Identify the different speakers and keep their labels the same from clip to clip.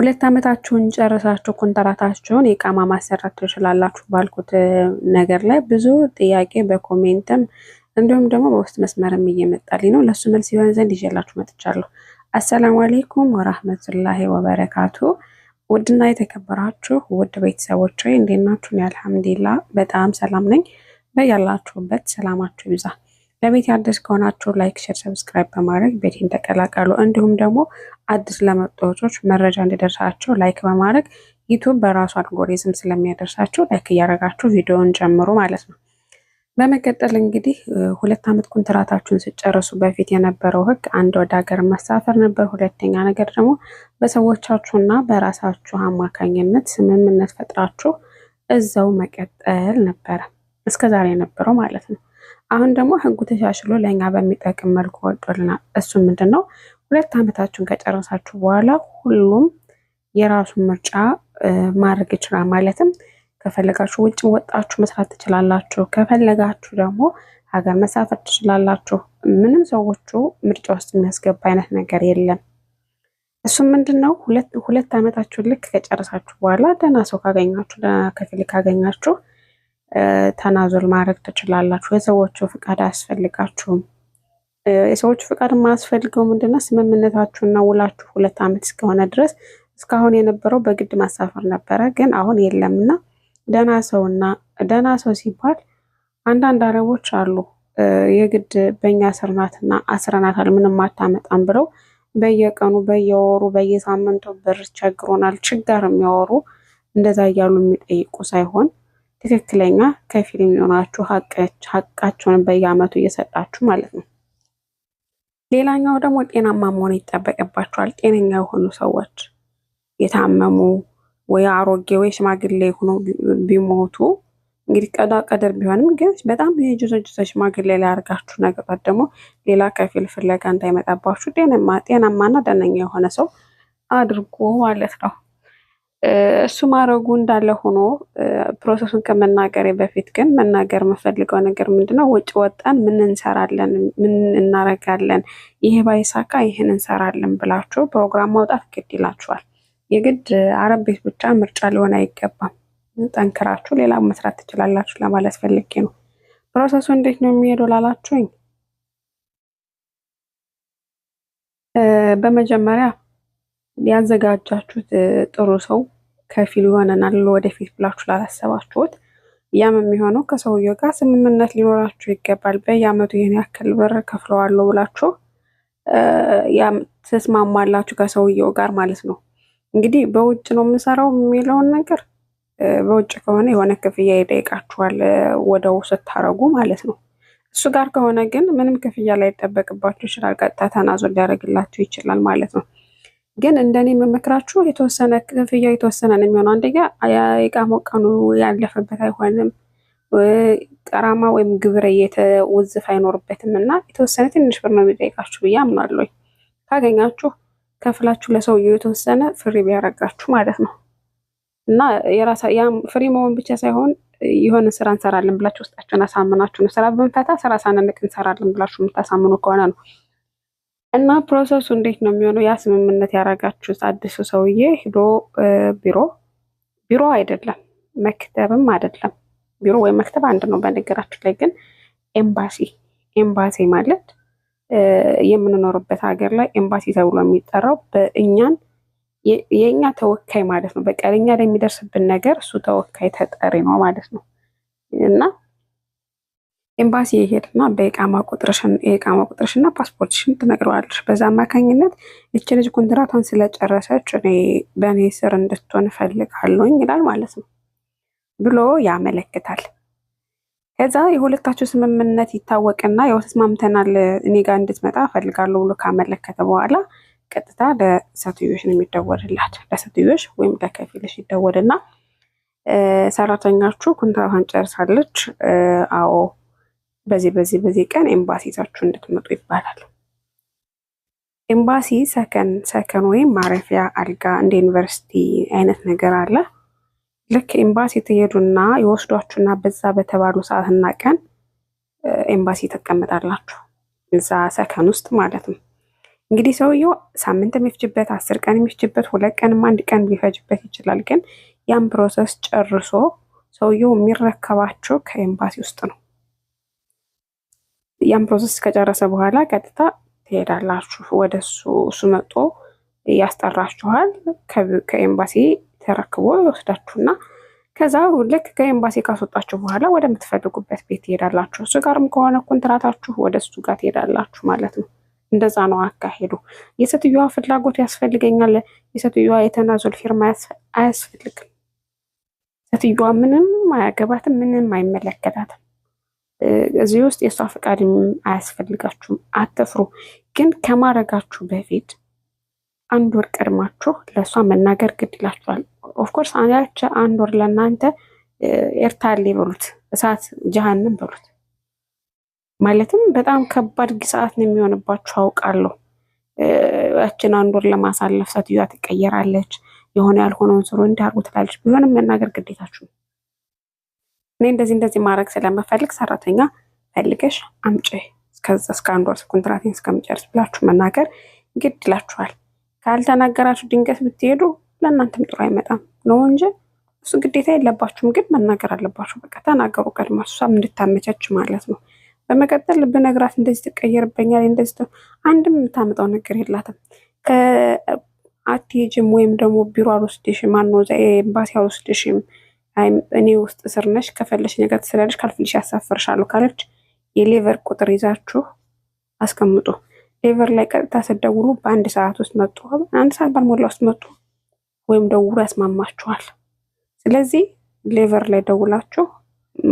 Speaker 1: ሁለት ዓመታችሁን ጨርሳችሁ ኮንትራታችሁን የቃማ ማሰራት ትችላላችሁ ባልኩት ነገር ላይ ብዙ ጥያቄ በኮሜንትም እንዲሁም ደግሞ በውስጥ መስመርም እየመጣልኝ ነው። ለእሱ መልስ ይሆን ዘንድ ይዤላችሁ መጥቻለሁ። አሰላሙ አሌይኩም ወራህመቱላሂ ወበረካቱ። ውድና የተከበራችሁ ውድ ቤተሰቦች እንዴት ናችሁን? አልሐምዱሊላህ በጣም ሰላም ነኝ። በያላችሁበት ሰላማችሁ ይብዛ። ለቤት አዲስ ከሆናችሁ ላይክ፣ ሸር፣ ሰብስክራይብ በማድረግ ቤቴን ተቀላቀሉ። እንዲሁም ደግሞ አዲስ ለመጡ መረጃ እንዲደርሳቸው ላይክ በማድረግ ዩቱብ በራሱ አልጎሪዝም ስለሚያደርሳቸው ላይክ እያደረጋችሁ ቪዲዮውን ጀምሩ ማለት ነው። በመቀጠል እንግዲህ ሁለት ዓመት ኮንትራታችሁን ስጨርሱ በፊት የነበረው ህግ አንድ ወደ ሀገር መሳፈር ነበር። ሁለተኛ ነገር ደግሞ በሰዎቻችሁና በራሳችሁ አማካኝነት ስምምነት ፈጥራችሁ እዛው መቀጠል ነበረ እስከዛሬ የነበረው ማለት ነው። አሁን ደግሞ ህጉ ተሻሽሎ ለእኛ በሚጠቅም መልኩ ወጥቶልናል። እሱ ምንድን ነው? ሁለት ዓመታችሁን ከጨረሳችሁ በኋላ ሁሉም የራሱን ምርጫ ማድረግ ይችላል። ማለትም ከፈለጋችሁ ውጭ ወጣችሁ መስራት ትችላላችሁ። ከፈለጋችሁ ደግሞ ሀገር መሳፈር ትችላላችሁ። ምንም ሰዎቹ ምርጫ ውስጥ የሚያስገባ አይነት ነገር የለም። እሱም ምንድን ነው ሁለት ሁለት ዓመታችሁን ልክ ከጨረሳችሁ በኋላ ደህና ሰው ካገኛችሁ፣ ደህና ከፊል ካገኛችሁ ተናዞል ማድረግ ትችላላችሁ። የሰዎቹ ፍቃድ አያስፈልጋችሁም። የሰዎቹ ፍቃድ የማያስፈልገው ምንድነው? ስምምነታችሁና ውላችሁ ሁለት ዓመት እስከሆነ ድረስ እስካሁን የነበረው በግድ ማሳፈር ነበረ፣ ግን አሁን የለምና ደና ደህና ሰውና ደህና ሰው ሲባል አንዳንድ አረቦች አሉ የግድ በእኛ ስርናትና አስረናታል ምንም አታመጣም ብለው በየቀኑ በየወሩ በየሳምንቱ ብር ቸግሮናል ችጋር የሚያወሩ እንደዛ እያሉ የሚጠይቁ ሳይሆን ትክክለኛ ከፊል የሚሆናችሁ ሀቃቸውን በየአመቱ እየሰጣችሁ ማለት ነው። ሌላኛው ደግሞ ጤናማ መሆን ይጠበቅባቸዋል። ጤነኛ የሆኑ ሰዎች የታመሙ ወይ አሮጌ ወይ ሽማግሌ ሆኖ ቢሞቱ እንግዲህ ቀዷ ቀደር ቢሆንም ግን በጣም የጅዞ ጅዞ ሽማግሌ ላይ ያርጋችሁ ነገሯት ደግሞ ሌላ ከፊል ፍለጋ እንዳይመጣባችሁ ጤናማና ደነኛ የሆነ ሰው አድርጎ ማለት ነው። እሱ ማድረጉ እንዳለ ሆኖ ፕሮሰሱን ከመናገሬ በፊት ግን መናገር የምፈልገው ነገር ምንድነው፣ ውጭ ወጣን ምን እንሰራለን፣ ምን እናረጋለን፣ ይሄ ባይሳካ ይህን እንሰራለን ብላችሁ ፕሮግራም ማውጣት ግድ ይላችኋል። የግድ አረብ ቤት ብቻ ምርጫ ሊሆን አይገባም። ጠንክራችሁ ሌላ መስራት ትችላላችሁ ለማለት ፈልጌ ነው። ፕሮሰሱ እንዴት ነው የሚሄደው ላላችሁኝ በመጀመሪያ ያዘጋጃችሁት ጥሩ ሰው ከፊል ይሆነናል ወደፊት ብላችሁ ላላሰባችሁት። ያም የሚሆነው ከሰውየው ጋር ስምምነት ሊኖራችሁ ይገባል። በየአመቱ ይህን ያክል ብር ከፍለዋለሁ ብላችሁ ተስማማላችሁ ከሰውየው ጋር ማለት ነው። እንግዲህ በውጭ ነው የምሰራው የሚለውን ነገር በውጭ ከሆነ የሆነ ክፍያ ይጠይቃችኋል፣ ወደው ስታረጉ ማለት ነው። እሱ ጋር ከሆነ ግን ምንም ክፍያ ላይ ይጠበቅባችሁ ይችላል። ቀጥታ ተናዞ ሊያደርግላችሁ ይችላል ማለት ነው። ግን እንደኔ የምመክራችሁ የተወሰነ ክፍያ የተወሰነ ነው የሚሆነው። አንደኛ የእቃ ሞቀኑ ያለፈበት አይሆንም። ቀራማ ወይም ግብር እየተወዝፍ አይኖርበትም እና የተወሰነ ትንሽ ብር ነው የሚጠይቃችሁ ብዬ አምናለሁ። ካገኛችሁ ከፍላችሁ ለሰውየው የተወሰነ ፍሪ ቢያረጋችሁ ማለት ነው እና ፍሪ መሆን ብቻ ሳይሆን የሆነ ስራ እንሰራለን ብላችሁ ውስጣችሁን አሳምናችሁ ነው። ስራ በመፈታ ስራ ሳንንቅ እንሰራለን ብላችሁ የምታሳምኑ ከሆነ ነው እና ፕሮሰሱ እንዴት ነው የሚሆነው? ያ ስምምነት ያደረጋችሁት አዲሱ ሰውዬ ሂዶ ቢሮ ቢሮ አይደለም መክተብም አይደለም ቢሮ ወይም መክተብ አንድ ነው። በነገራችሁ ላይ ግን ኤምባሲ ኤምባሲ ማለት የምንኖርበት ሀገር ላይ ኤምባሲ ተብሎ የሚጠራው በእኛን የእኛ ተወካይ ማለት ነው። በቃ እኛ ለሚደርስብን ነገር እሱ ተወካይ ተጠሪ ነው ማለት ነው እና ኤምባሲ ይሄድና በኢቃማ ቁጥርሽን የኢቃማ ቁጥርሽና ፓስፖርትሽን ትነግረዋለሽ። በዛ አማካኝነት እች ልጅ ኮንትራቷን ስለጨረሰች እኔ በእኔ ስር እንድትሆን እፈልጋለሁኝ ይላል ማለት ነው ብሎ ያመለክታል። ከዛ የሁለታቸው ስምምነት ይታወቅና ተስማምተናል፣ እኔ ጋር እንድትመጣ እፈልጋለሁ ብሎ ካመለከተ በኋላ ቀጥታ ለሴትዮሽ ነው የሚደወልላት። ለሴትዮሽ ወይም ለከፊልሽ ይደወልና ሰራተኛችሁ ኮንትራቷን ጨርሳለች፣ አዎ በዚህ በዚህ በዚህ ቀን ኤምባሲ ይዛችሁ እንድትመጡ ይባላል። ኤምባሲ ሰከን ሰከን ወይም ማረፊያ አልጋ እንደ ዩኒቨርሲቲ አይነት ነገር አለ። ልክ ኤምባሲ ትሄዱና የወስዷችሁና በዛ በተባሉ ሰዓትና ቀን ኤምባሲ ትቀመጣላችሁ። እዛ ሰከን ውስጥ ማለት ነው። እንግዲህ ሰውየው ሳምንት የሚፈጅበት አስር ቀን የሚፈጅበት ሁለት ቀንም አንድ ቀን ሊፈጅበት ይችላል። ግን ያን ፕሮሰስ ጨርሶ ሰውየው የሚረከባቸው ከኤምባሲ ውስጥ ነው። ያን ፕሮሰስ ከጨረሰ በኋላ ቀጥታ ትሄዳላችሁ ወደ እሱ። እሱ መጦ ያስጠራችኋል። ከኤምባሲ ተረክቦ ይወስዳችሁና ከዛ ልክ ከኤምባሲ ካስወጣችሁ በኋላ ወደምትፈልጉበት ቤት ትሄዳላችሁ። እሱ ጋርም ከሆነ ኮንትራታችሁ ወደ እሱ ጋር ትሄዳላችሁ ማለት ነው። እንደዛ ነው አካሄዱ። የሴትዮዋ ፍላጎት ያስፈልገኛል፣ የሴትዮዋ የተናዞል ፊርማ አያስፈልግም። ሴትዮዋ ምንም አያገባትም፣ ምንም አይመለከታትም። እዚህ ውስጥ የእሷ ፈቃድ አያስፈልጋችሁም፣ አትፍሩ። ግን ከማድረጋችሁ በፊት አንድ ወር ቀድማችሁ ለእሷ መናገር ግድ ይላችኋል። ኦፍኮርስ አንዳቸ አንድ ወር ለእናንተ ኤርታሌ በሉት፣ እሳት ጀሃንም በሉት። ማለትም በጣም ከባድ ሰዓት ነው የሚሆንባችሁ አውቃለሁ። ያችን አንድ ወር ለማሳለፍ ሴትዮዋ ትቀየራለች፣ የሆነ ያልሆነውን ስሩ እንዲያርጉ ትላለች። ቢሆንም መናገር ግዴታችሁ ነው። እኔ እንደዚህ እንደዚህ ማድረግ ስለምፈልግ ሰራተኛ ፈልገሽ አምጪ፣ እስከዛ እስከ አንድ ወር ኮንትራቴን እስከምጨርስ ብላችሁ መናገር ግድ ይላችኋል። ካልተናገራችሁ ድንገት ብትሄዱ ለእናንተም ጥሩ አይመጣም ነው እንጂ እሱ ግዴታ የለባችሁም፣ ግን መናገር አለባችሁ። በቃ ተናገሩ ቀድማ እሷም እንድታመቻች ማለት ነው። በመቀጠል ብነግራት እንደዚህ ትቀየርበኛል፣ እንደዚህ አንድም የምታመጣው ነገር የላትም። ከአትሄጂም ወይም ደግሞ ቢሮ አልወስድሽም፣ ማነው ኤምባሲ አልወስድሽም እኔ ውስጥ ስር ነሽ፣ ከፈለሽ ነገር ትስላለሽ፣ ካልፍልሽ ያሳፈርሻሉ ካለች የሌቨር ቁጥር ይዛችሁ አስቀምጡ። ሌቨር ላይ ቀጥታ ስደውሉ በአንድ ሰዓት ውስጥ መጡ፣ አንድ ሰዓት ባልሞላ ውስጥ መጡ ወይም ደውሉ ያስማማችኋል። ስለዚህ ሌቨር ላይ ደውላችሁ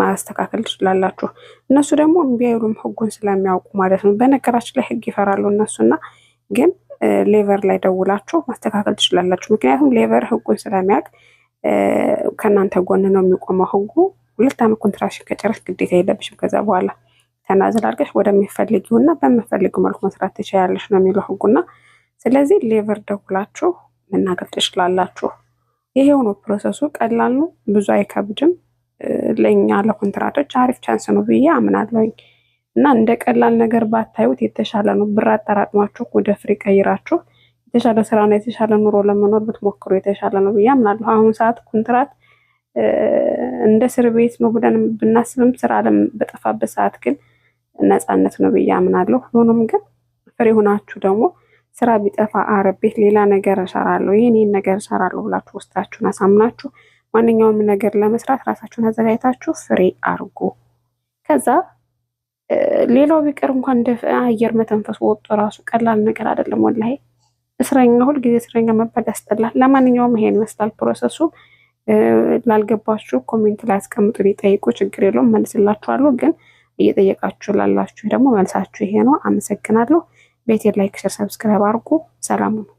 Speaker 1: ማስተካከል ትችላላችሁ። እነሱ ደግሞ እምቢ አይሉም ህጉን ስለሚያውቁ ማለት ነው። በነገራችን ላይ ህግ ይፈራሉ እነሱና ግን ሌቨር ላይ ደውላችሁ ማስተካከል ትችላላችሁ። ምክንያቱም ሌቨር ህጉን ስለሚያውቅ ከእናንተ ጎን ነው የሚቆመው ህጉ። ሁለት ዓመት ኮንትራክሽን ከጨረስ ግዴታ የለብሽም ከዛ በኋላ ተናዝል አድርገሽ ወደሚፈልጊው በምፈልጊው መልኩ መስራት ትችላለሽ ነው የሚለው ህጉና፣ ስለዚህ ሌቨር ደውላችሁ መናገር ትችላላችሁ። ይሄው ነው ፕሮሰሱ። ቀላል ነው፣ ብዙ አይከብድም። ለእኛ ለኮንትራቶች አሪፍ ቻንስ ነው ብዬ አምናለሁኝ። እና እንደ ቀላል ነገር ባታዩት የተሻለ ነው። ብር አጠራቅማችሁ ወደ ፍሬ ቀይራችሁ የተሻለ ስራና የተሻለ ኑሮ ለመኖር ብትሞክሩ የተሻለ ነው ብዬ አምናለሁ። አሁን ሰዓት ኮንትራት እንደ እስር ቤት ነው ብለን ብናስብም ስራ አለም በጠፋበት ሰዓት ግን ነፃነት ነው ብዬ አምናለሁ። ሆኖም ግን ፍሬ ሆናችሁ ደግሞ ስራ ቢጠፋ አረብ ቤት ሌላ ነገር እሰራለሁ፣ ይህን ይህን ነገር እሰራለሁ ብላችሁ ውስጣችሁን አሳምናችሁ ማንኛውም ነገር ለመስራት ራሳችሁን አዘጋጅታችሁ ፍሬ አርጉ። ከዛ ሌላው ቢቀር እንኳን እንደ አየር መተንፈስ ወጥቶ ራሱ ቀላል ነገር አይደለም ወላሂ እስረኛ ሁልጊዜ እስረኛ መባል ያስጠላል። ለማንኛውም ይሄን ይመስላል ፕሮሰሱ። ላልገባችሁ ኮሜንት ላይ አስቀምጡ፣ ሊጠይቁ ችግር የለውም መልስላችኋለሁ። ግን እየጠየቃችሁ ላላችሁ ደግሞ መልሳችሁ ይሄ ነው። አመሰግናለሁ። ቤቴ ላይክ፣ ሸር፣ ሰብስክራይብ አድርጉ። ሰላሙ ነው።